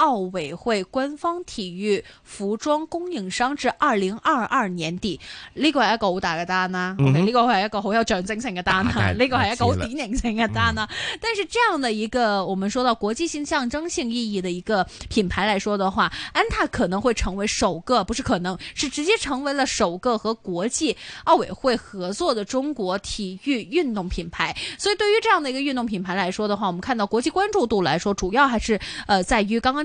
奧委會官方體育服裝供應商，至二零二二年底，呢、mm hmm. 個係一個好一個大嘅單啦。呢、啊、個係一個好有象徵性嘅單啦，呢、啊、個係一個好典型性嘅單啦。啊啊啊、但是，這樣的一個、啊、我們說到國際性象徵性意義的一個品牌來說的話，嗯、安踏可能會成為首個，不是可能，是直接成為了首個和國際奧委會合作的中國體育運動品牌。所以，對於這樣的一個運動品牌來說的話，我們看到國際關注度來說，主要還是呃在於剛剛。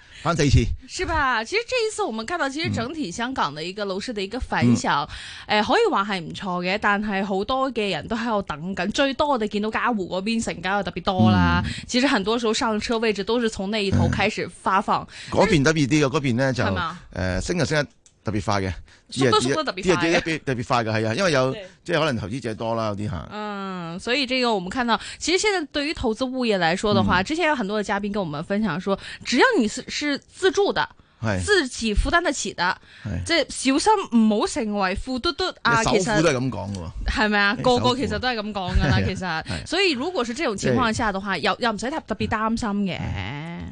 翻四次，是吧？其實這一次我們看到，其實整體香港的一個樓市的一個反響，誒、嗯嗯呃，可以話係唔錯嘅，但係好多嘅人都喺度等緊，最多我哋見到嘉湖嗰邊成交又特別多啦。嗯、其實很多時候上車位置都是從那一頭開始發放，嗰邊、嗯、是特別啲嘅，嗰邊呢就誒，星期吧特別快嘅，都特別特別特別快嘅。係啊，因為有即係可能投資者多啦，有啲吓。嗯，所以呢個我哋看到，其實現在對於投資物業來說嘅話，嗯、之前有很多嘅嘉賓跟我們分享說，只要你是是自住的，是自己負擔得起的，是即係小心唔好成為富嘟嘟啊。其實都係咁講嘅，係咪啊？個個其實都係咁講噶啦。哎、其實，所以如果係呢種情況下嘅話是又又唔使太特別擔心嘅。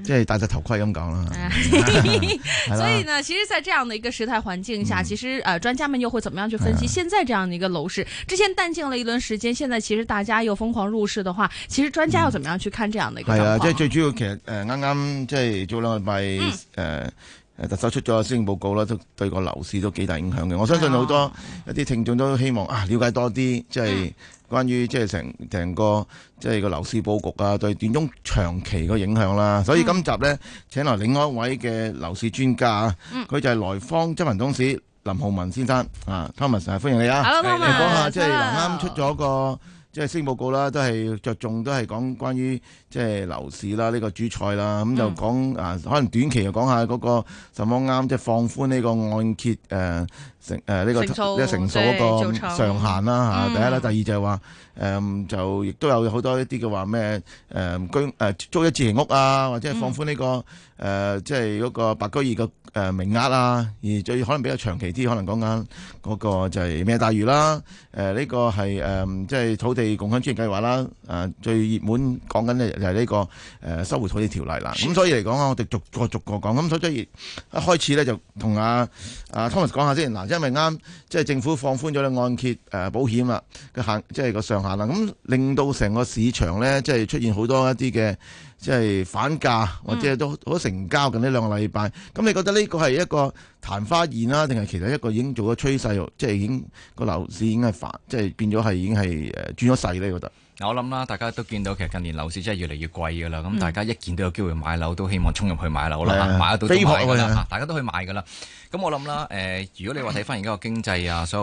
即係戴隻頭盔咁講啦， 啊、所以呢，其實，在這樣的一個時態環境下，嗯、其實，誒、呃，專家們又會怎麼樣去分析現在這樣的一個樓市？啊、之前淡靜了一段時間，現在其實大家又瘋狂入市的話，其實專家又怎麼樣去看這樣的一個？係、嗯、啊，即係最主要，其實誒，啱、呃、啱即係早兩個禮拜誒誒特首出咗施政報告啦，都對個樓市都幾大影響嘅。我相信好多、哦、一啲聽眾都希望啊，了解多啲，即係。嗯關於即係成成個即係個，個樓市佈局啊，對短中長期個影響啦、啊。所以今集咧請嚟另外一位嘅樓市專家啊，佢、嗯、就係萊坊執行董事林浩文先生啊，Thomas 啊，歡迎你啊。Hello 講下即係啱出咗個即係新聞稿啦，都係着重都係講關於即係、就是、樓市啦，呢、這個主菜啦。咁就講、嗯、啊，可能短期就講下嗰個什麼啱，即、就、係、是、放寬呢個按揭誒。呃誒呢、呃這個呢素個成數個上限啦吓、啊、第一啦，嗯、第二就係話誒就亦都有好多一啲嘅話咩誒居誒租一自型屋啊，或者係放寬呢、這個誒即係個白居易嘅誒名額啊，而最可能比較長期啲，可能講緊個就係咩大嶼啦，誒、呃、呢、這個係誒即係土地共享專計劃啦、啊，誒、呃、最熱門講緊咧就係呢個誒、呃、收回土地條例啦、啊，咁所以嚟講啊，我哋逐個逐個講，咁所以一開始咧就同阿阿 Thomas 講下先嗱，啊因為啱，即係政府放寬咗個按揭誒保險啊嘅限，即係個上限啦。咁令到成個市場咧，即係出現好多一啲嘅，即係反價，或者都好成交近兩。近呢兩個禮拜，咁你覺得呢個係一個曇花現啦，定係其實一個已經做咗趨勢？即、就、係、是、已經個樓市已經係反，即係變咗係已經係誒轉咗勢呢？我覺得。我諗啦，大家都見到其實近年樓市真係越嚟越貴噶啦。咁、嗯、大家一見都有機會買樓，都希望衝入去買樓啦、啊，買得到大家都去買噶啦。咁我諗啦，誒，如果你話睇翻而家個經濟啊，所有。